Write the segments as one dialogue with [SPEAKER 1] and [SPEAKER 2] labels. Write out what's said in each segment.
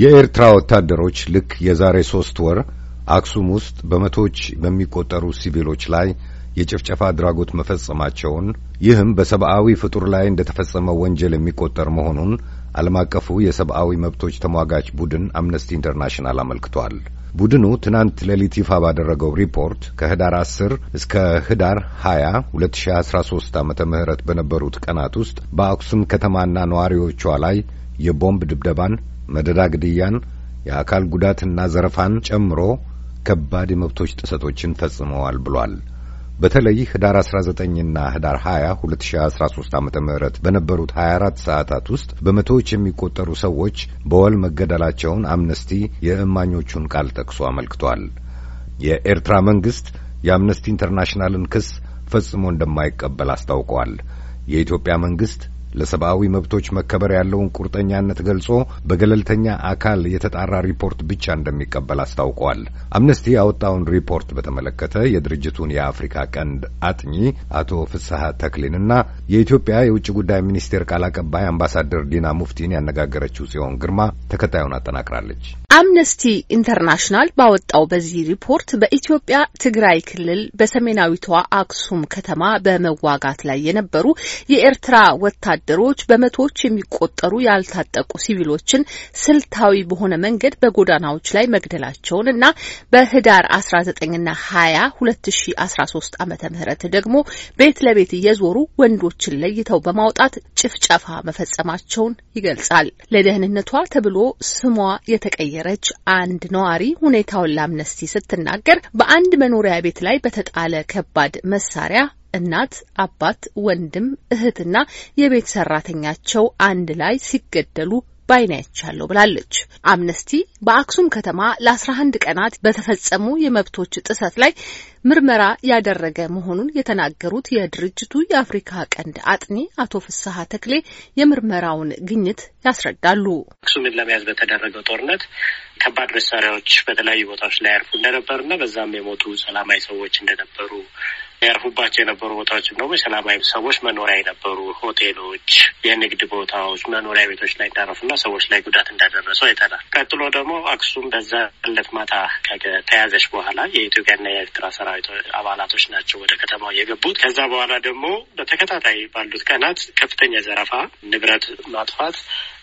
[SPEAKER 1] የኤርትራ ወታደሮች ልክ የዛሬ ሶስት ወር አክሱም ውስጥ በመቶዎች በሚቆጠሩ ሲቪሎች ላይ የጭፍጨፋ አድራጎት መፈጸማቸውን ይህም በሰብአዊ ፍጡር ላይ እንደ ተፈጸመ ወንጀል የሚቆጠር መሆኑን ዓለም አቀፉ የሰብአዊ መብቶች ተሟጋች ቡድን አምነስቲ ኢንተርናሽናል አመልክቷል። ቡድኑ ትናንት ሌሊት ይፋ ባደረገው ሪፖርት ከህዳር 10 እስከ ህዳር 20 2013 ዓመተ ምህረት በነበሩት ቀናት ውስጥ በአክሱም ከተማና ነዋሪዎቿ ላይ የቦምብ ድብደባን መደዳ ግድያን፣ የአካል ጉዳትና ዘረፋን ጨምሮ ከባድ የመብቶች ጥሰቶችን ፈጽመዋል ብሏል። በተለይ ህዳር 19ና ህዳር 20 2013 ዓ ም በነበሩት 24 ሰዓታት ውስጥ በመቶዎች የሚቆጠሩ ሰዎች በወል መገደላቸውን አምነስቲ የእማኞቹን ቃል ጠቅሶ አመልክቷል። የኤርትራ መንግስት የአምነስቲ ኢንተርናሽናልን ክስ ፈጽሞ እንደማይቀበል አስታውቋል። የኢትዮጵያ መንግስት ለሰብአዊ መብቶች መከበር ያለውን ቁርጠኛነት ገልጾ በገለልተኛ አካል የተጣራ ሪፖርት ብቻ እንደሚቀበል አስታውቋል። አምነስቲ ያወጣውን ሪፖርት በተመለከተ የድርጅቱን የአፍሪካ ቀንድ አጥኚ አቶ ፍስሐ ተክሊንና የኢትዮጵያ የውጭ ጉዳይ ሚኒስቴር ቃል አቀባይ አምባሳደር ዲና ሙፍቲን ያነጋገረችው ጽዮን ግርማ ተከታዩን አጠናቅራለች።
[SPEAKER 2] አምነስቲ ኢንተርናሽናል ባወጣው በዚህ ሪፖርት በኢትዮጵያ ትግራይ ክልል በሰሜናዊቷ አክሱም ከተማ በመዋጋት ላይ የነበሩ የኤርትራ ወታደ ወታደሮች በመቶዎች የሚቆጠሩ ያልታጠቁ ሲቪሎችን ስልታዊ በሆነ መንገድ በጎዳናዎች ላይ መግደላቸውን እና በህዳር 19ና 20 2013 ዓመተ ምህረት ደግሞ ቤት ለቤት እየዞሩ ወንዶችን ለይተው በማውጣት ጭፍጨፋ መፈጸማቸውን ይገልጻል። ለደህንነቷ ተብሎ ስሟ የተቀየረች አንድ ነዋሪ ሁኔታውን ለአምነስቲ ስትናገር በአንድ መኖሪያ ቤት ላይ በተጣለ ከባድ መሳሪያ እናት፣ አባት፣ ወንድም፣ እህትና የቤት ሰራተኛቸው አንድ ላይ ሲገደሉ ባይን ብላለች። አምነስቲ በአክሱም ከተማ ለ11 ቀናት በተፈጸሙ የመብቶች ጥሰት ላይ ምርመራ ያደረገ መሆኑን የተናገሩት የድርጅቱ የአፍሪካ ቀንድ አጥኒ አቶ ፍስሐ ተክሌ የምርመራውን ግኝት ያስረዳሉ።
[SPEAKER 3] አክሱምን ለመያዝ በተደረገው ጦርነት ከባድ መሳሪያዎች በተለያዩ ቦታዎች ላይ ያርፉ እንደነበርና በዛም የሞቱ ሰላማዊ ሰዎች እንደነበሩ ያርፉባቸው የነበሩ ቦታዎች ደግሞ የሰላማዊ ሰዎች መኖሪያ የነበሩ ሆቴሎች፣ የንግድ ቦታዎች፣ መኖሪያ ቤቶች ላይ እንዳረፉና ሰዎች ላይ ጉዳት እንዳደረሰው አይተናል። ቀጥሎ ደግሞ አክሱም በዛ ዕለት ማታ ከተያዘች በኋላ የኢትዮጵያና የኤርትራ ሰራዊት አባላቶች ናቸው ወደ ከተማው የገቡት። ከዛ በኋላ ደግሞ በተከታታይ ባሉት ቀናት ከፍተኛ ዘረፋ፣ ንብረት ማጥፋት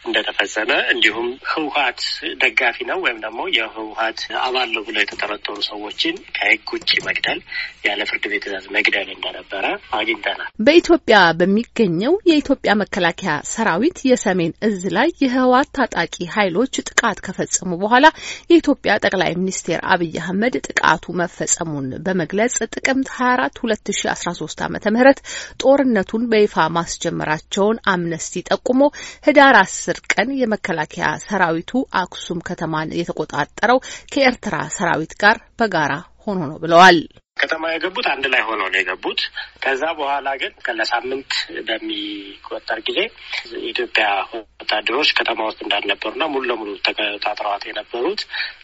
[SPEAKER 3] እንደተፈጸመ እንዲሁም ህውሀት ደጋፊ ነው ወይም ደግሞ የህውሀት አባል ነው ብሎ የተጠረጠሩ ሰዎችን ከህግ ውጭ መግደል ያለ ፍርድ ቤት ትዕዛዝ መግደል እንደነበረ አግኝተናል።
[SPEAKER 2] በኢትዮጵያ በሚገኘው የኢትዮጵያ መከላከያ ሰራዊት የሰሜን እዝ ላይ የህወሓት ታጣቂ ኃይሎች ጥቃት ከፈጸሙ በኋላ የኢትዮጵያ ጠቅላይ ሚኒስትር አብይ አህመድ ጥቃቱ መፈጸሙን በመግለጽ ጥቅምት 24 2013 ዓ ም ጦርነቱን በይፋ ማስጀመራቸውን አምነስቲ ጠቁሞ ህዳር 10 አስር ቀን የመከላከያ ሰራዊቱ አክሱም ከተማን የተቆጣጠረው ከኤርትራ ሰራዊት ጋር በጋራ ሆኖ ነው ብለዋል።
[SPEAKER 3] ከተማ የገቡት አንድ ላይ ሆኖ ነው የገቡት። ከዛ በኋላ ግን ለሳምንት በሚቆጠር ጊዜ የኢትዮጵያ ወታደሮች ከተማ ውስጥ እንዳልነበሩና ሙሉ ለሙሉ ተቆጣጥረዋት የነበሩት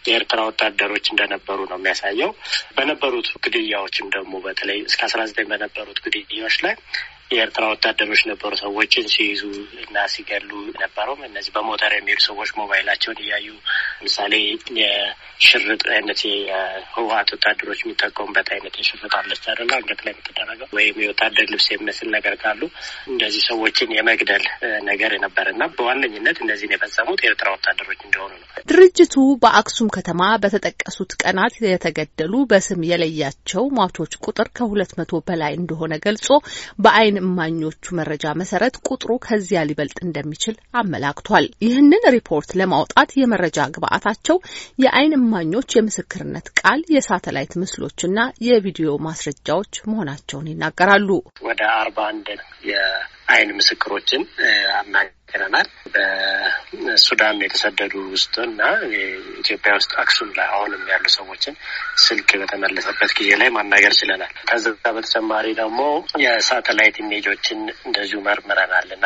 [SPEAKER 3] የኤርትራ ወታደሮች እንደነበሩ ነው የሚያሳየው። በነበሩት ግድያዎችም ደግሞ በተለይ እስከ አስራ ዘጠኝ በነበሩት ግድያዎች ላይ የኤርትራ ወታደሮች ነበሩ ሰዎችን ሲይዙ እና ሲገሉ ነበረው። እነዚህ በሞተር የሚሄዱ ሰዎች ሞባይላቸውን እያዩ ምሳሌ የሽርጥ አይነት የህወሀት ወታደሮች የሚጠቀሙበት አይነት የሽርጥ አለች ና አንገት ላይ የምትደረገው ወይም የወታደር ልብስ የሚመስል ነገር ካሉ እንደዚህ ሰዎችን የመግደል ነገር ና በዋነኝነት እነዚህን የፈጸሙት የኤርትራ ወታደሮች እንደሆኑ ነው።
[SPEAKER 2] ድርጅቱ በአክሱም ከተማ በተጠቀሱት ቀናት የተገደሉ በስም የለያቸው ሟቾች ቁጥር ከሁለት መቶ በላይ እንደሆነ ገልጾ በአይን እማኞቹ መረጃ መሰረት ቁጥሩ ከዚያ ሊበልጥ እንደሚችል አመላክቷል። ይህንን ሪፖርት ለማውጣት የመረጃ ግብአታቸው የአይን እማኞች የምስክርነት ቃል፣ የሳተላይት ምስሎችና የቪዲዮ ማስረጃዎች መሆናቸውን ይናገራሉ።
[SPEAKER 3] ወደ አርባ አንድ የአይን ምስክሮችን ይነናል በሱዳን የተሰደዱ ውስጥ እና ኢትዮጵያ ውስጥ አክሱም ላይ አሁንም ያሉ ሰዎችን ስልክ በተመለሰበት ጊዜ ላይ ማናገር ችለናል። ከዛ በተጨማሪ ደግሞ የሳተላይት ኢሜጆችን እንደዚሁ መርምረናል እና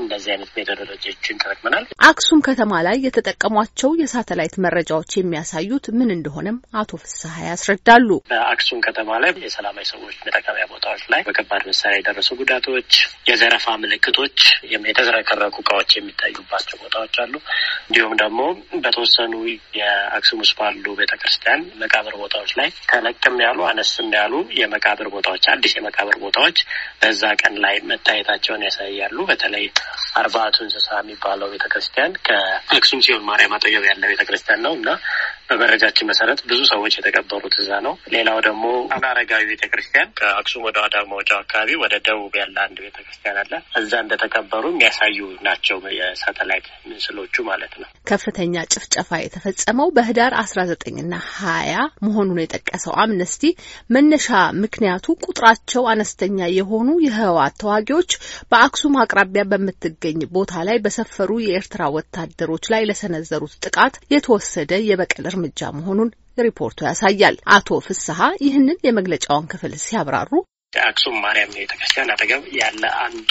[SPEAKER 3] እንደዚህ አይነት ሜቶዶሎጂዎችን ተጠቅመናል።
[SPEAKER 2] አክሱም ከተማ ላይ የተጠቀሟቸው የሳተላይት መረጃዎች የሚያሳዩት ምን እንደሆነም አቶ ፍስሀ ያስረዳሉ።
[SPEAKER 3] በአክሱም ከተማ ላይ የሰላማዊ ሰዎች መጠቀሚያ ቦታዎች ላይ በከባድ መሳሪያ የደረሱ ጉዳቶች፣ የዘረፋ ምልክቶች፣ የተዝረከረኩ የወደቁ እቃዎች የሚታዩባቸው ቦታዎች አሉ። እንዲሁም ደግሞ በተወሰኑ የአክሱም ውስጥ ባሉ ቤተክርስቲያን መቃብር ቦታዎች ላይ ተለቅም ያሉ አነስም ያሉ የመቃብር ቦታዎች አዲስ የመቃብር ቦታዎች በዛ ቀን ላይ መታየታቸውን ያሳያሉ። በተለይ አርባቱ እንስሳ የሚባለው ቤተክርስቲያን ከአክሱም ጽዮን ማርያም አጠገብ ያለ ቤተክርስቲያን ነው እና በመረጃችን መሰረት ብዙ ሰዎች የተቀበሩት እዛ ነው። ሌላው ደግሞ አረጋዊ ቤተክርስቲያን ከአክሱም ወደ አዳር መውጫ አካባቢ ወደ ደቡብ ያለ አንድ ቤተክርስቲያን አለ። እዛ እንደተቀበሩ የሚያሳዩ ናቸው የሳተላይት ምስሎቹ ማለት ነው።
[SPEAKER 2] ከፍተኛ ጭፍጨፋ የተፈጸመው በህዳር አስራ ዘጠኝና ሀያ መሆኑን የጠቀሰው አምነስቲ መነሻ ምክንያቱ ቁጥራቸው አነስተኛ የሆኑ የህወሓት ተዋጊዎች በአክሱም አቅራቢያ በምትገኝ ቦታ ላይ በሰፈሩ የኤርትራ ወታደሮች ላይ ለሰነዘሩት ጥቃት የተወሰደ የበቀል እርምጃ መሆኑን ሪፖርቱ ያሳያል። አቶ ፍስሀ ይህንን የመግለጫውን ክፍል ሲያብራሩ
[SPEAKER 3] አክሱም ማርያም ቤተክርስቲያን አጠገብ ያለ አንድ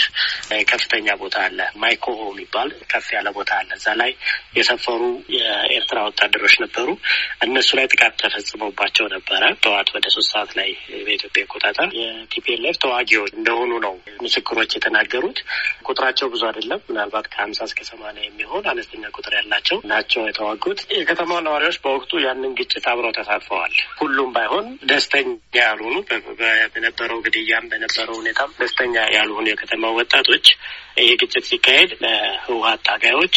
[SPEAKER 3] ከፍተኛ ቦታ አለ። ማይኮሆ የሚባል ከፍ ያለ ቦታ አለ። እዛ ላይ የሰፈሩ የኤርትራ ወታደሮች ነበሩ። እነሱ ላይ ጥቃት ተፈጽሞባቸው ነበረ። ጠዋት ወደ ሶስት ሰዓት ላይ በኢትዮጵያ አቆጣጠር የቲፒኤልኤፍ ተዋጊዎች እንደሆኑ ነው ምስክሮች የተናገሩት። ቁጥራቸው ብዙ አይደለም። ምናልባት ከሀምሳ እስከ ሰማንያ የሚሆን አነስተኛ ቁጥር ያላቸው ናቸው የተዋጉት። የከተማ ነዋሪዎች በወቅቱ ያንን ግጭት አብረው ተሳትፈዋል። ሁሉም ባይሆን ደስተኛ ያልሆኑ በነበረው ግድያም በነበረው ሁኔታ ደስተኛ ያልሆኑ የከተማ ወጣቶች ይህ ግጭት ሲካሄድ ለህወሀት ታጋዮች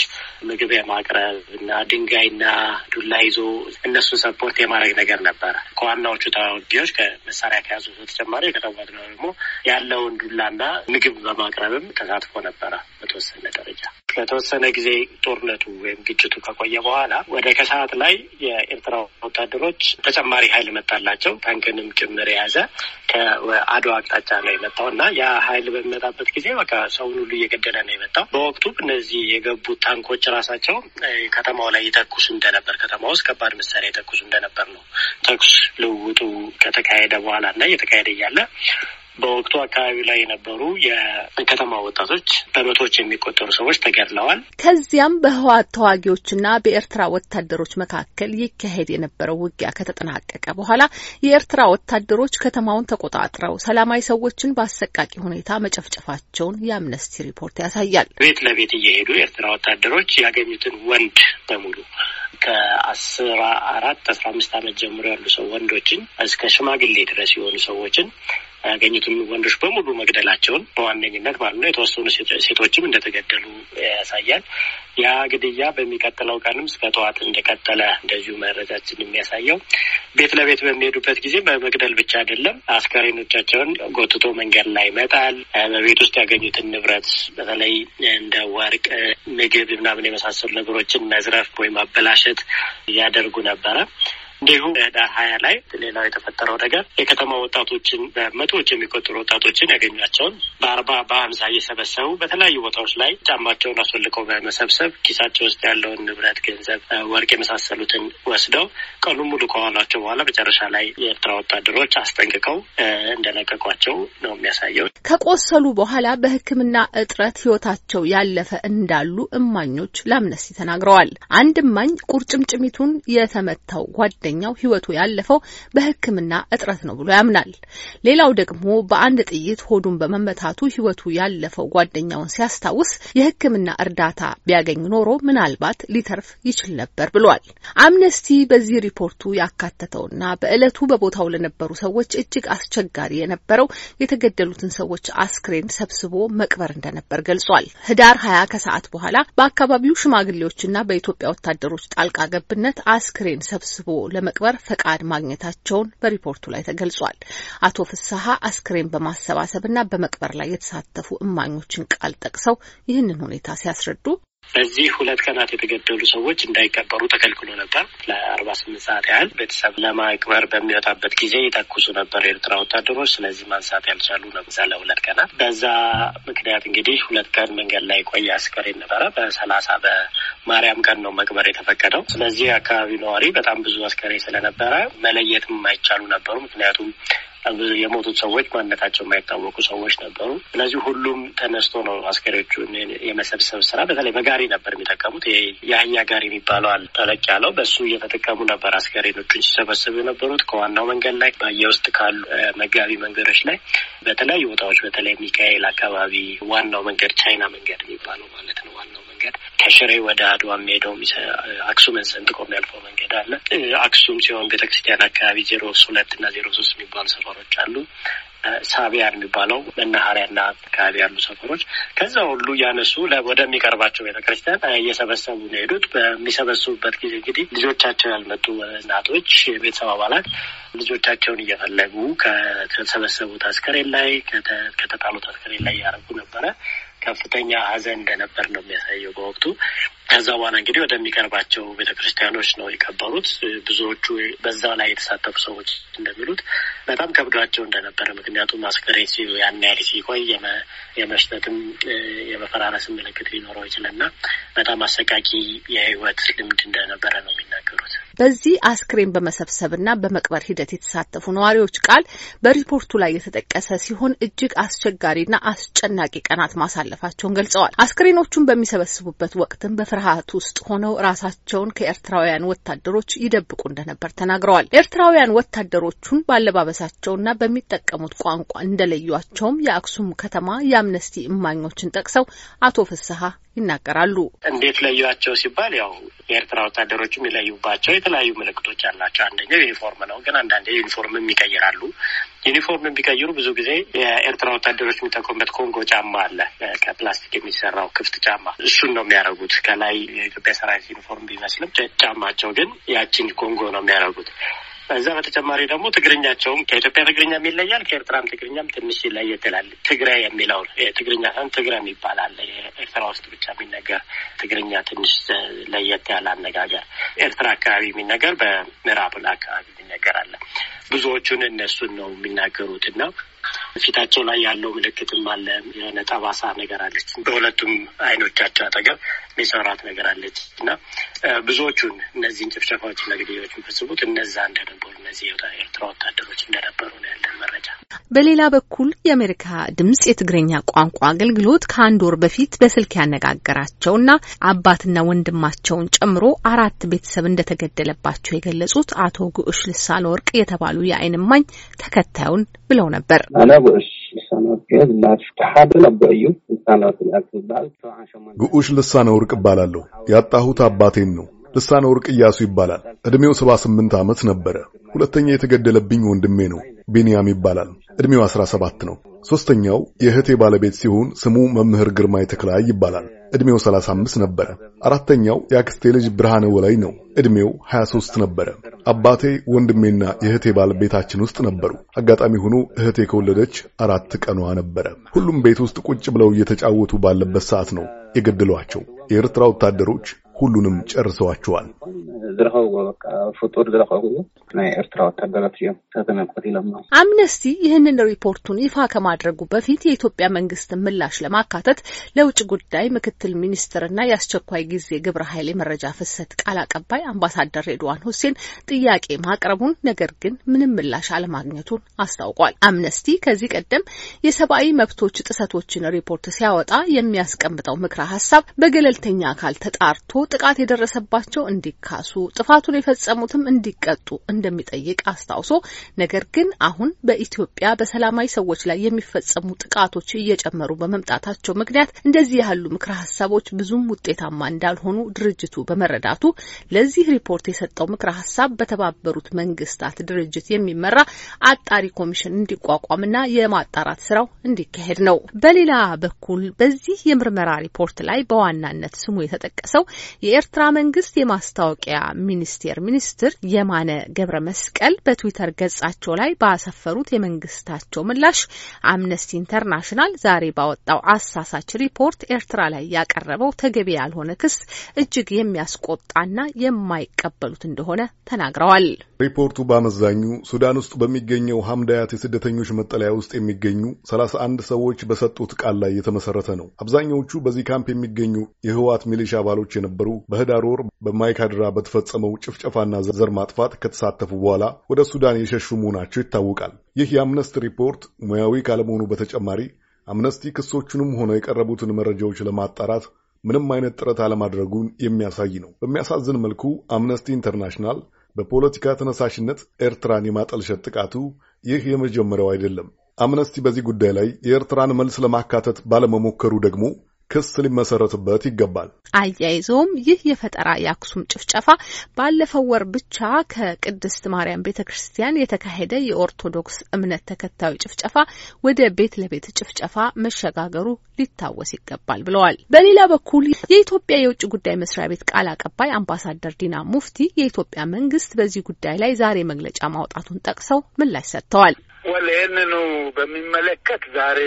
[SPEAKER 3] ምግብ የማቅረብ እና ድንጋይና ዱላ ይዞ እነሱን ሰፖርት የማድረግ ነገር ነበረ። ከዋናዎቹ ተዋጊዎች ከመሳሪያ ከያዙ በተጨማሪ የከተማ ደግሞ ያለውን ዱላና ምግብ በማቅረብም ተሳትፎ ነበረ። በተወሰነ ደረጃ ከተወሰነ ጊዜ ጦርነቱ ወይም ግጭቱ ከቆየ በኋላ ወደ ከሰዓት ላይ የኤርትራ ወታደሮች ተጨማሪ ኃይል መጣላቸው ታንክንም ጭምር የያዘ ከአድ ወደ አቅጣጫ ነው የመጣው እና ያ ሀይል በሚመጣበት ጊዜ በቃ ሰውን ሁሉ እየገደለ ነው የመጣው። በወቅቱ እነዚህ የገቡት ታንኮች ራሳቸው ከተማው ላይ ይተኩሱ እንደነበር፣ ከተማ ውስጥ ከባድ መሳሪያ ይተኩሱ እንደነበር ነው ተኩስ ልውውጡ ከተካሄደ በኋላ እና እየተካሄደ እያለ በወቅቱ አካባቢ ላይ የነበሩ የከተማ ወጣቶች በመቶዎች የሚቆጠሩ ሰዎች ተገድለዋል።
[SPEAKER 2] ከዚያም በህወሓት ተዋጊዎችና በኤርትራ ወታደሮች መካከል ይካሄድ የነበረው ውጊያ ከተጠናቀቀ በኋላ የኤርትራ ወታደሮች ከተማውን ተቆጣጥረው ሰላማዊ ሰዎችን በአሰቃቂ ሁኔታ መጨፍጨፋቸውን የአምነስቲ ሪፖርት ያሳያል።
[SPEAKER 3] ቤት ለቤት እየሄዱ የኤርትራ ወታደሮች ያገኙትን ወንድ በሙሉ ከአስራ አራት አስራ አምስት ዓመት ጀምሮ ያሉ ሰው ወንዶችን እስከ ሽማግሌ ድረስ የሆኑ ሰዎችን ያገኙትን ወንዶች በሙሉ መግደላቸውን በዋነኝነት ማለት ነው። የተወሰኑ ሴቶችም እንደተገደሉ ያሳያል። ያ ግድያ በሚቀጥለው ቀንም እስከ ጠዋት እንደቀጠለ እንደዚሁ መረጃችን የሚያሳየው ቤት ለቤት በሚሄዱበት ጊዜ በመግደል ብቻ አይደለም፣ አስከሬኖቻቸውን ጎትቶ መንገድ ላይ ይመጣል። በቤት ውስጥ ያገኙትን ንብረት በተለይ እንደ ወርቅ፣ ምግብ ምናምን የመሳሰሉ ነገሮችን መዝረፍ ወይም አበላሸት ያደርጉ ነበረ። እንዲሁም ህዳር ሀያ ላይ ሌላው የተፈጠረው ነገር የከተማ ወጣቶችን በመቶዎች የሚቆጠሩ ወጣቶችን ያገኟቸውን በአርባ በአምሳ እየሰበሰቡ በተለያዩ ቦታዎች ላይ ጫማቸውን አስወልቀው በመሰብሰብ ኪሳቸው ውስጥ ያለውን ንብረት፣ ገንዘብ፣ ወርቅ የመሳሰሉትን ወስደው ቀኑ ሙሉ ከዋሏቸው በኋላ መጨረሻ ላይ የኤርትራ ወታደሮች አስጠንቅቀው እንደለቀቋቸው ነው የሚያሳየው።
[SPEAKER 2] ከቆሰሉ በኋላ በሕክምና እጥረት ህይወታቸው ያለፈ እንዳሉ እማኞች ለአምነስቲ ተናግረዋል። አንድ እማኝ ቁርጭምጭሚቱን የተመታው ጓደ ስደተኛው ሕይወቱ ያለፈው በሕክምና እጥረት ነው ብሎ ያምናል። ሌላው ደግሞ በአንድ ጥይት ሆዱን በመመታቱ ሕይወቱ ያለፈው ጓደኛውን ሲያስታውስ የሕክምና እርዳታ ቢያገኝ ኖሮ ምናልባት ሊተርፍ ይችል ነበር ብሏል። አምነስቲ በዚህ ሪፖርቱ ያካተተውና በዕለቱ በቦታው ለነበሩ ሰዎች እጅግ አስቸጋሪ የነበረው የተገደሉትን ሰዎች አስክሬን ሰብስቦ መቅበር እንደነበር ገልጿል። ህዳር ሀያ ከሰዓት በኋላ በአካባቢው ሽማግሌዎችና በኢትዮጵያ ወታደሮች ጣልቃ ገብነት አስክሬን ሰብስቦ ለመቅበር ፈቃድ ማግኘታቸውን በሪፖርቱ ላይ ተገልጿል። አቶ ፍስሀ አስክሬን በማሰባሰብና በመቅበር ላይ የተሳተፉ እማኞችን ቃል ጠቅሰው ይህንን ሁኔታ ሲያስረዱ
[SPEAKER 3] በዚህ ሁለት ቀናት የተገደሉ ሰዎች እንዳይቀበሩ ተከልክሎ ነበር። ለአርባ ስምንት ሰዓት ያህል ቤተሰብ ለማቅበር በሚወጣበት ጊዜ ይተኩሱ ነበር የኤርትራ ወታደሮች። ስለዚህ ማንሳት ያልቻሉ ነበር ለሁለት ቀናት። በዛ ምክንያት እንግዲህ ሁለት ቀን መንገድ ላይ ቆየ አስከሬን ነበረ። በሰላሳ በማርያም ቀን ነው መቅበር የተፈቀደው። ስለዚህ አካባቢው ነዋሪ በጣም ብዙ አስከሬ ስለነበረ መለየትም አይቻሉ ነበሩ ምክንያቱም የሞቱት ሰዎች ማንነታቸው የማይታወቁ ሰዎች ነበሩ። እነዚህ ሁሉም ተነስቶ ነው አስከሬዎቹን የመሰብሰብ ስራ። በተለይ በጋሪ ነበር የሚጠቀሙት። የአህያ ጋሪ የሚባለው አለ ተለቅ ያለው፣ በሱ እየተጠቀሙ ነበር አስከሬኖቹን ሲሰበሰቡ የነበሩት። ከዋናው መንገድ ላይ የውስጥ ካሉ መጋቢ መንገዶች ላይ በተለያዩ ቦታዎች፣ በተለይ ሚካኤል አካባቢ ዋናው መንገድ ቻይና መንገድ የሚባለው ማለት ነው ዋናው መንገድ ከሽሬ ወደ አድዋ የሚሄደው አክሱምን ሰንጥቆ የሚያልፈው መንገድ አለ። አክሱም ሲሆን ቤተክርስቲያን አካባቢ ዜሮ ሁለት እና ዜሮ ሶስት የሚባሉ ሰፈ ሰፈሮች አሉ። ሳቢያ የሚባለው መናኸሪያና አካባቢ ያሉ ሰፈሮች ከዛ ሁሉ እያነሱ ወደሚቀርባቸው ቤተክርስቲያን እየሰበሰቡ ነው የሄዱት። በሚሰበስቡበት ጊዜ እንግዲህ ልጆቻቸው ያልመጡ እናቶች፣ የቤተሰብ አባላት ልጆቻቸውን እየፈለጉ ከተሰበሰቡት አስከሬን ላይ ከተጣሉት አስከሬን ላይ ያደረጉ ነበረ። ከፍተኛ ሀዘን እንደነበር ነው የሚያሳየው በወቅቱ። ከዛ በኋላ እንግዲህ ወደሚቀርባቸው ቤተክርስቲያኖች ነው የቀበሩት። ብዙዎቹ በዛ ላይ የተሳተፉ ሰዎች እንደሚሉት በጣም ከብዷቸው እንደነበረ፣ ምክንያቱም አስከሬን ሲ ያን ያህል ሲቆይ የመሽተትም የመፈራረስ ምልክት ሊኖረው እና በጣም አሰቃቂ የህይወት ልምድ እንደነበረ
[SPEAKER 2] ነው የሚናገሩት። በዚህ አስክሬን በመሰብሰብና በመቅበር ሂደት የተሳተፉ ነዋሪዎች ቃል በሪፖርቱ ላይ የተጠቀሰ ሲሆን እጅግ አስቸጋሪና አስጨናቂ ቀናት ማሳለፋቸውን ገልጸዋል። አስክሬኖቹን በሚሰበስቡበት ወቅትም በፍርሃት ውስጥ ሆነው ራሳቸውን ከኤርትራውያን ወታደሮች ይደብቁ እንደነበር ተናግረዋል። ኤርትራውያን ወታደሮቹን በአለባበሳቸውና በሚጠቀሙት ቋንቋ እንደለዩቸውም የአክሱም ከተማ የአምነስቲ እማኞችን ጠቅሰው አቶ ፍስሀ ይናገራሉ።
[SPEAKER 3] እንዴት ለዩቸው ሲባል ያው የኤርትራ ወታደሮች የሚለዩባቸው የተለያዩ ምልክቶች አላቸው። አንደኛው ዩኒፎርም ነው፣ ግን አንዳንዴ ዩኒፎርምም ይቀይራሉ። ዩኒፎርም የሚቀይሩ ብዙ ጊዜ የኤርትራ ወታደሮች የሚጠቀሙበት ኮንጎ ጫማ አለ፣ ከፕላስቲክ የሚሰራው ክፍት ጫማ። እሱን ነው የሚያደርጉት። ከላይ የኢትዮጵያ ሰራዊት ዩኒፎርም ቢመስልም ጫማቸው ግን ያችን ኮንጎ ነው የሚያደርጉት። ከዛ በተጨማሪ ደግሞ ትግርኛቸውም ከኢትዮጵያ ትግርኛም ይለያል፣ ከኤርትራም ትግርኛም ትንሽ ለየት ይላል። ትግራይ የሚለው ትግርኛ ሳይሆን ትግረም ይባላል። ኤርትራ ውስጥ ብቻ የሚነገር ትግርኛ ትንሽ ለየት ያለ አነጋገር፣ ኤርትራ አካባቢ የሚነገር በምዕራብ አካባቢ የሚነገር አለ። ብዙዎቹን እነሱን ነው የሚናገሩት ነው ፊታቸው ላይ ያለው ምልክትም አለ። የሆነ ጠባሳ ነገር አለች። በሁለቱም አይኖቻቸው አጠገብ ሚሰራት ነገር አለች እና ብዙዎቹን እነዚህን ጭፍጨፋዎች እና ግድያዎች የሚፈጽሙት እነዛ እንደነበሩ እነዚህ የኤርትራ ወታደሮች እንደነበሩ ነው ያለን መረጃ።
[SPEAKER 2] በሌላ በኩል የአሜሪካ ድምጽ የትግረኛ ቋንቋ አገልግሎት ከአንድ ወር በፊት በስልክ ያነጋገራቸው ያነጋገራቸውና አባትና ወንድማቸውን ጨምሮ አራት ቤተሰብ እንደተገደለባቸው የገለጹት አቶ ጉዑሽ ልሳነ ወርቅ የተባሉ የአይን እማኝ ተከታዩን ብለው ነበር።
[SPEAKER 4] ግዑሽ ልሳነ ወርቅ እባላለሁ። ያጣሁት አባቴን ነው። ልሳነ ወርቅ እያሱ ይባላል። ዕድሜው 78 ዓመት ነበረ። ሁለተኛ የተገደለብኝ ወንድሜ ነው፣ ቤንያም ይባላል። ዕድሜው 17 ነው። ሦስተኛው የእህቴ ባለቤት ሲሆን ስሙ መምህር ግርማ የተክላይ ይባላል። ዕድሜው 35 ነበረ። አራተኛው የአክስቴ ልጅ ብርሃነ ወላይ ነው። ዕድሜው 23 ነበረ። አባቴ ወንድሜና የእህቴ ባል ቤታችን ውስጥ ነበሩ። አጋጣሚ ሆኖ እህቴ ከወለደች አራት ቀኗ ነበረ። ሁሉም ቤት ውስጥ ቁጭ ብለው እየተጫወቱ ባለበት ሰዓት ነው የገደሏቸው። የኤርትራ ወታደሮች ሁሉንም ጨርሰዋቸዋል።
[SPEAKER 2] አምነስቲ ይህንን ሪፖርቱን ይፋ ከማድረጉ በፊት የኢትዮጵያ መንግስትን ምላሽ ለማካተት ለውጭ ጉዳይ ምክትል ሚኒስትርና የአስቸኳይ ጊዜ ግብረ ኃይል የመረጃ ፍሰት ቃል አቀባይ አምባሳደር ሬድዋን ሁሴን ጥያቄ ማቅረቡን ነገር ግን ምንም ምላሽ አለማግኘቱን አስታውቋል። አምነስቲ ከዚህ ቀደም የሰብአዊ መብቶች ጥሰቶችን ሪፖርት ሲያወጣ የሚያስቀምጠው ምክረ ሀሳብ በገለልተኛ አካል ተጣርቶ ጥቃት የደረሰባቸው እንዲካሱ ጥፋቱን የፈጸሙትም እንዲቀጡ እንደሚጠይቅ አስታውሶ ነገር ግን አሁን በኢትዮጵያ በሰላማዊ ሰዎች ላይ የሚፈጸሙ ጥቃቶች እየጨመሩ በመምጣታቸው ምክንያት እንደዚህ ያሉ ምክረ ሀሳቦች ብዙም ውጤታማ እንዳልሆኑ ድርጅቱ በመረዳቱ ለዚህ ሪፖርት የሰጠው ምክረ ሀሳብ በተባበሩት መንግስታት ድርጅት የሚመራ አጣሪ ኮሚሽን እንዲቋቋምና የማጣራት ስራው እንዲካሄድ ነው። በሌላ በኩል በዚህ የምርመራ ሪፖርት ላይ በዋናነት ስሙ የተጠቀሰው የኤርትራ መንግስት የማስታወቂያ ሚኒስቴር ሚኒስትር የማነ ገብረ መስቀል በትዊተር ገጻቸው ላይ ባሰፈሩት የመንግስታቸው ምላሽ አምነስቲ ኢንተርናሽናል ዛሬ ባወጣው አሳሳች ሪፖርት ኤርትራ ላይ ያቀረበው ተገቢ ያልሆነ ክስ እጅግ የሚያስቆጣና የማይቀበሉት እንደሆነ ተናግረዋል።
[SPEAKER 4] ሪፖርቱ በአመዛኙ ሱዳን ውስጥ በሚገኘው ሀምዳያት የስደተኞች መጠለያ ውስጥ የሚገኙ አንድ ሰዎች በሰጡት ቃል ላይ የተመሰረተ ነው። አብዛኛዎቹ በዚህ ካምፕ የሚገኙ የህወሓት ሚሊሻ አባሎች የነበሩ የነበሩ በህዳር ወር በማይካድራ በተፈጸመው ጭፍጨፋና ዘር ማጥፋት ከተሳተፉ በኋላ ወደ ሱዳን የሸሹ መሆናቸው ይታወቃል። ይህ የአምነስቲ ሪፖርት ሙያዊ ካለመሆኑ በተጨማሪ አምነስቲ ክሶቹንም ሆነ የቀረቡትን መረጃዎች ለማጣራት ምንም አይነት ጥረት አለማድረጉን የሚያሳይ ነው። በሚያሳዝን መልኩ አምነስቲ ኢንተርናሽናል በፖለቲካ ተነሳሽነት ኤርትራን የማጠልሸት ጥቃቱ ይህ የመጀመሪያው አይደለም። አምነስቲ በዚህ ጉዳይ ላይ የኤርትራን መልስ ለማካተት ባለመሞከሩ ደግሞ ክስ ሊመሰረትበት ይገባል።
[SPEAKER 2] አያይዘውም ይህ የፈጠራ የአክሱም ጭፍጨፋ ባለፈው ወር ብቻ ከቅድስት ማርያም ቤተ ክርስቲያን የተካሄደ የኦርቶዶክስ እምነት ተከታዮች ጭፍጨፋ ወደ ቤት ለቤት ጭፍጨፋ መሸጋገሩ ሊታወስ ይገባል ብለዋል። በሌላ በኩል የኢትዮጵያ የውጭ ጉዳይ መስሪያ ቤት ቃል አቀባይ አምባሳደር ዲና ሙፍቲ የኢትዮጵያ መንግስት በዚህ ጉዳይ ላይ ዛሬ መግለጫ ማውጣቱን ጠቅሰው ምላሽ ሰጥተዋል።
[SPEAKER 5] ወል ይህንኑ በሚመለከት ዛሬ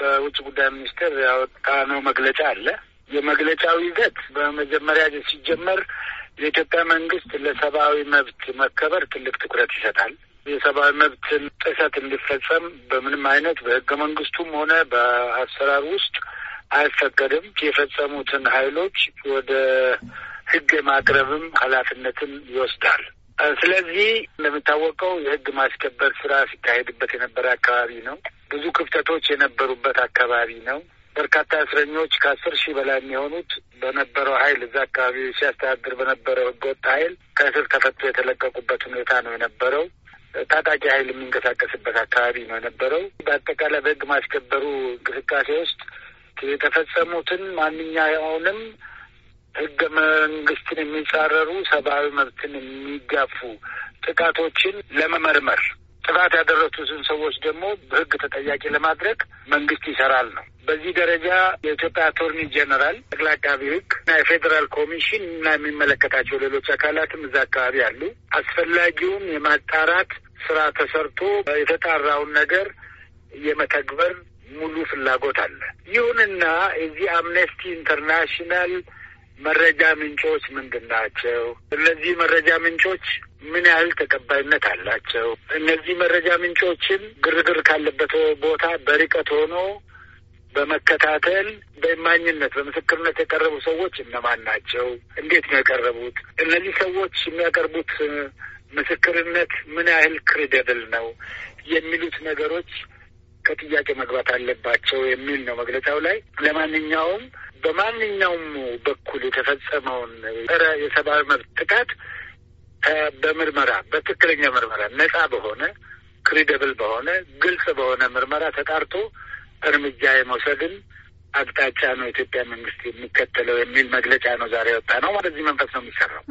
[SPEAKER 5] በውጭ ጉዳይ ሚኒስቴር ያወጣነው መግለጫ አለ። የመግለጫው ይዘት በመጀመሪያ ሲጀመር የኢትዮጵያ መንግስት ለሰብአዊ መብት መከበር ትልቅ ትኩረት ይሰጣል። የሰብአዊ መብት ጥሰት እንዲፈጸም በምንም አይነት በህገ መንግስቱም ሆነ በአሰራር ውስጥ አይፈቀድም። የፈጸሙትን ኃይሎች ወደ ህግ የማቅረብም ኃላፊነትን ይወስዳል። ስለዚህ እንደሚታወቀው የህግ ማስከበር ስራ ሲካሄድበት የነበረ አካባቢ ነው። ብዙ ክፍተቶች የነበሩበት አካባቢ ነው። በርካታ እስረኞች ከአስር ሺህ በላይ የሚሆኑት በነበረው ኃይል እዛ አካባቢ ሲያስተዳድር በነበረው ህገወጥ ኃይል ከእስር ተፈቶ የተለቀቁበት ሁኔታ ነው የነበረው። ታጣቂ ኃይል የሚንቀሳቀስበት አካባቢ ነው የነበረው። በአጠቃላይ በህግ ማስከበሩ እንቅስቃሴ ውስጥ የተፈጸሙትን ማንኛውንም ህገ መንግስትን የሚጻረሩ ሰብአዊ መብትን የሚጋፉ ጥቃቶችን ለመመርመር ጥቃት ያደረሱትን ሰዎች ደግሞ በህግ ተጠያቂ ለማድረግ መንግስት ይሰራል ነው። በዚህ ደረጃ የኢትዮጵያ አቶርኒ ጀነራል፣ ጠቅላይ አቃቢ ህግ እና የፌዴራል ኮሚሽን እና የሚመለከታቸው ሌሎች አካላትም እዛ አካባቢ አሉ። አስፈላጊውን የማጣራት ስራ ተሰርቶ የተጣራውን ነገር የመተግበር ሙሉ ፍላጎት አለ። ይሁንና እዚህ አምነስቲ ኢንተርናሽናል መረጃ ምንጮች ምንድን ናቸው? እነዚህ መረጃ ምንጮች ምን ያህል ተቀባይነት አላቸው? እነዚህ መረጃ ምንጮችን ግርግር ካለበት ቦታ በርቀት ሆኖ በመከታተል በእማኝነት በምስክርነት የቀረቡ ሰዎች እነማን ናቸው? እንዴት ነው የቀረቡት? እነዚህ ሰዎች የሚያቀርቡት ምስክርነት ምን ያህል ክሬደብል ነው የሚሉት ነገሮች ከጥያቄ መግባት አለባቸው የሚል ነው መግለጫው ላይ። ለማንኛውም በማንኛውም በኩል የተፈጸመውን ጸረ የሰብአዊ መብት ጥቃት በምርመራ በትክክለኛ ምርመራ ነጻ በሆነ ክሪደብል በሆነ ግልጽ በሆነ ምርመራ ተጣርቶ እርምጃ የመውሰድን አቅጣጫ ነው ኢትዮጵያ መንግስት የሚከተለው የሚል መግለጫ ነው ዛሬ ወጣ ነው። ወደዚህ መንፈስ ነው የሚሰራው።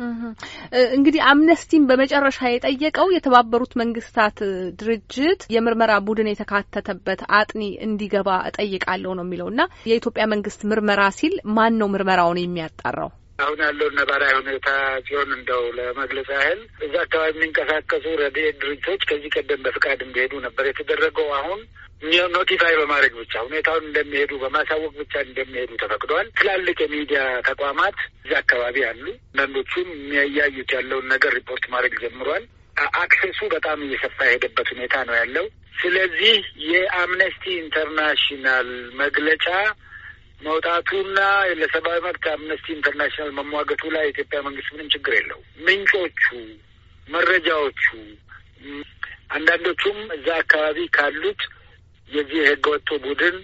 [SPEAKER 2] እንግዲህ አምነስቲም በመጨረሻ የጠየቀው የተባበሩት መንግስታት ድርጅት የምርመራ ቡድን የተካተተበት አጥኒ እንዲገባ እጠይቃለሁ ነው የሚለው እና የኢትዮጵያ መንግስት ምርመራ ሲል ማን ነው ምርመራውን የሚያጣራው?
[SPEAKER 5] አሁን ያለውን ነባራዊ ሁኔታ ሲሆን እንደው ለመግለጽ ያህል እዛ አካባቢ የሚንቀሳቀሱ ረድኤት ድርጅቶች ከዚህ ቀደም በፍቃድ እንዲሄዱ ነበር የተደረገው። አሁን ኖቲፋይ በማድረግ ብቻ ሁኔታውን እንደሚሄዱ በማሳወቅ ብቻ እንደሚሄዱ ተፈቅደዋል። ትላልቅ የሚዲያ ተቋማት እዛ አካባቢ አሉ። አንዳንዶቹም የሚያያዩት ያለውን ነገር ሪፖርት ማድረግ ጀምሯል። አክሰሱ በጣም እየሰፋ የሄደበት ሁኔታ ነው ያለው። ስለዚህ የአምነስቲ ኢንተርናሽናል መግለጫ መውጣቱና ለሰብአዊ መብት አምነስቲ ኢንተርናሽናል መሟገቱ ላይ የኢትዮጵያ መንግስት ምንም ችግር የለው። ምንጮቹ፣ መረጃዎቹ አንዳንዶቹም እዛ አካባቢ ካሉት የዚህ የህገወጡ ቡድን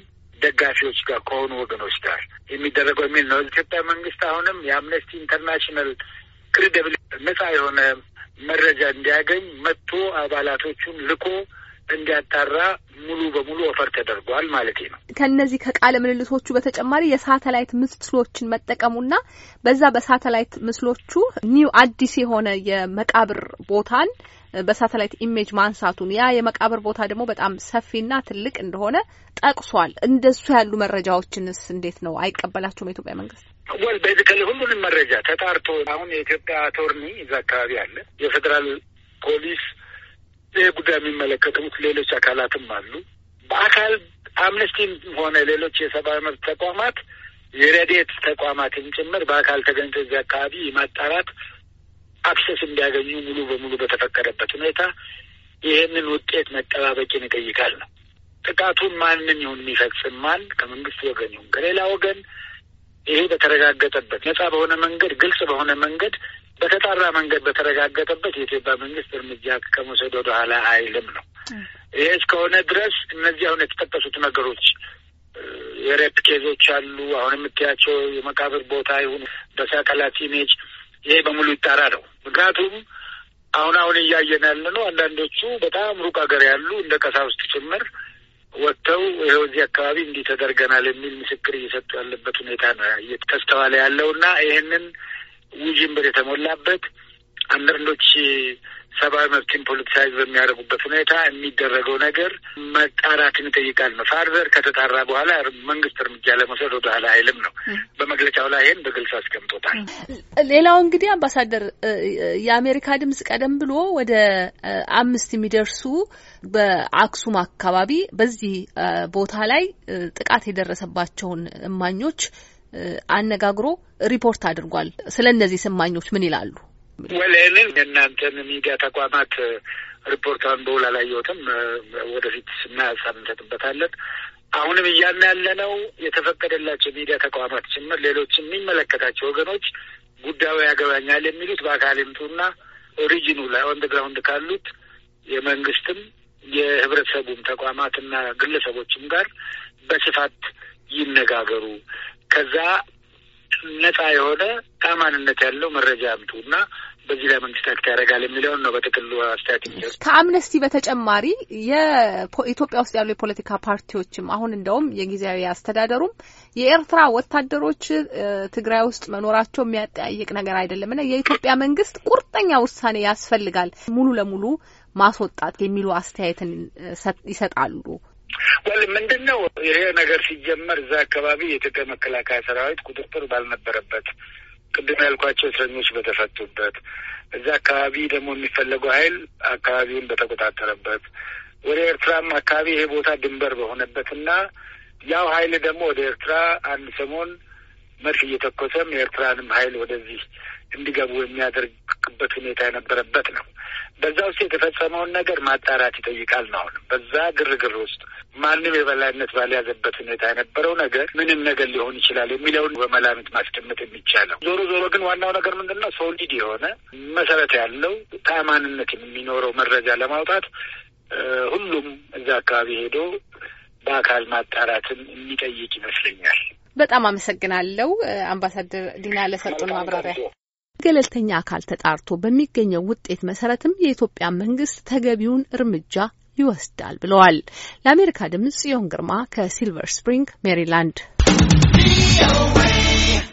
[SPEAKER 5] ደጋፊዎች ጋር ከሆኑ ወገኖች ጋር የሚደረገው የሚል ነው። ኢትዮጵያ መንግስት አሁንም የአምነስቲ ኢንተርናሽናል ክሪደብል ነጻ የሆነ መረጃ እንዲያገኝ መጥቶ አባላቶቹን ልኮ እንዲያጣራ ሙሉ በሙሉ ኦፈር ተደርጓል ማለት ነው።
[SPEAKER 2] ከእነዚህ ከቃለ ምልልሶቹ በተጨማሪ የሳተላይት ምስሎችን መጠቀሙና በዛ በሳተላይት ምስሎቹ ኒው አዲስ የሆነ የመቃብር ቦታን በሳተላይት ኢሜጅ ማንሳቱን ያ የመቃብር ቦታ ደግሞ በጣም ሰፊና ትልቅ እንደሆነ ጠቅሷል። እንደሱ ያሉ መረጃዎችንስ እንዴት ነው አይቀበላቸውም የኢትዮጵያ መንግስት?
[SPEAKER 5] ወል በዚህ ሁሉንም መረጃ ተጣርቶ አሁን የኢትዮጵያ አቶርኒ እዛ አካባቢ አለ የፌዴራል ፖሊስ ይህ ጉዳይ የሚመለከቱት ሌሎች አካላትም አሉ። በአካል አምነስቲም ሆነ ሌሎች የሰብአዊ መብት ተቋማት የረዴት ተቋማትን ጭምር በአካል ተገኝቶ እዚህ አካባቢ የማጣራት አክሰስ እንዲያገኙ ሙሉ በሙሉ በተፈቀደበት ሁኔታ ይህንን ውጤት መጠባበቂን ይጠይቃል ነው። ጥቃቱን ማንም ይሁን የሚፈጽም ማን ከመንግስት ወገን ይሁን ከሌላ ወገን ይሄ በተረጋገጠበት ነጻ በሆነ መንገድ ግልጽ በሆነ መንገድ በተጣራ መንገድ በተረጋገጠበት የኢትዮጵያ መንግስት እርምጃ ከመውሰድ ወደ ኋላ አይልም ነው። ይህ እስከሆነ ድረስ እነዚህ አሁን የተጠቀሱት ነገሮች የሬፕ ኬዞች አሉ። አሁን የምትያቸው የመቃብር ቦታ ይሁን በሳተላይት ኢሜጅ ይሄ በሙሉ ይጣራ ነው። ምክንያቱም አሁን አሁን እያየን ያለ ነው። አንዳንዶቹ በጣም ሩቅ ሀገር ያሉ እንደ ቀሳውስት ጭምር ወጥተው ይኸው እዚህ አካባቢ እንዲህ ተደርገናል የሚል ምስክር እየሰጡ ያለበት ሁኔታ ነው ተስተዋለ ያለው እና ይህንን ውዥንብር የተሞላበት አንዳንዶች ሰብአዊ መብትን ፖለቲሳይዝ በሚያደርጉበት ሁኔታ የሚደረገው ነገር መጣራትን ይጠይቃል ነው። ፋርዘር ከተጣራ በኋላ መንግስት እርምጃ ለመውሰድ ወደ ኋላ አይልም ነው። በመግለጫው ላይ ይህን በግልጽ አስቀምጦታል።
[SPEAKER 2] ሌላው እንግዲህ አምባሳደር፣ የአሜሪካ ድምጽ ቀደም ብሎ ወደ አምስት የሚደርሱ በአክሱም አካባቢ በዚህ ቦታ ላይ ጥቃት የደረሰባቸውን እማኞች አነጋግሮ ሪፖርት አድርጓል። ስለ እነዚህ ስማኞች ምን ይላሉ?
[SPEAKER 5] ወለንን የእናንተን ሚዲያ ተቋማት ሪፖርቷን በውል አላየሁትም። ወደፊት ስናይ ሀሳብ እንሰጥበታለን። አሁንም እያና ያለ ነው የተፈቀደላቸው ሚዲያ ተቋማት ጭምር ሌሎች የሚመለከታቸው ወገኖች ጉዳዩ ያገባኛል የሚሉት በአካል ይምጡና ኦሪጂኑ ላይ ኦንደግራውንድ ካሉት የመንግስትም የህብረተሰቡም ተቋማትና ግለሰቦችም ጋር በስፋት ይነጋገሩ። ከዛ ነጻ የሆነ ታማንነት ያለው መረጃ አምጡ እና በዚህ ላይ መንግስት አክት ያደርጋል የሚለውን ነው በጥቅሉ አስተያየት የሚሰጥ።
[SPEAKER 2] ከአምነስቲ በተጨማሪ የኢትዮጵያ ውስጥ ያሉ የፖለቲካ ፓርቲዎችም አሁን እንደውም የጊዜያዊ አስተዳደሩም የኤርትራ ወታደሮች ትግራይ ውስጥ መኖራቸው የሚያጠያይቅ ነገር አይደለም እና የኢትዮጵያ መንግስት ቁርጠኛ ውሳኔ ያስፈልጋል ሙሉ ለሙሉ ማስወጣት የሚሉ አስተያየትን ይሰጣሉ።
[SPEAKER 5] ወል ምንድን ነው ይሄ ነገር ሲጀመር እዛ አካባቢ የኢትዮጵያ መከላከያ ሰራዊት ቁጥጥር ባልነበረበት ቅድም ያልኳቸው እስረኞች በተፈቱበት እዛ አካባቢ ደግሞ የሚፈለገው ኃይል አካባቢውን በተቆጣጠረበት ወደ ኤርትራም አካባቢ ይሄ ቦታ ድንበር በሆነበት እና ያው ኃይል ደግሞ ወደ ኤርትራ አንድ ሰሞን መድፍ እየተኮሰም የኤርትራንም ኃይል ወደዚህ እንዲገቡ የሚያደርግበት ሁኔታ የነበረበት ነው። በዛ ውስጥ የተፈጸመውን ነገር ማጣራት ይጠይቃል ነው። በዛ ግርግር ውስጥ ማንም የበላይነት ባልያዘበት ሁኔታ የነበረው ነገር ምንም ነገር ሊሆን ይችላል የሚለውን በመላምት ማስቀመጥ የሚቻለው። ዞሮ ዞሮ ግን ዋናው ነገር ምንድን ነው? ሶሊድ የሆነ መሰረት ያለው ታማንነት የሚኖረው መረጃ ለማውጣት ሁሉም እዛ አካባቢ ሄዶ በአካል ማጣራትን የሚጠይቅ ይመስለኛል።
[SPEAKER 2] በጣም አመሰግናለሁ አምባሳደር ዲና ለሰጡን ማብራሪያ። ገለልተኛ አካል ተጣርቶ በሚገኘው ውጤት መሰረትም የኢትዮጵያ መንግስት ተገቢውን እርምጃ ይወስዳል ብለዋል። ለአሜሪካ ድምጽ ጽዮን ግርማ ከሲልቨር ስፕሪንግ ሜሪላንድ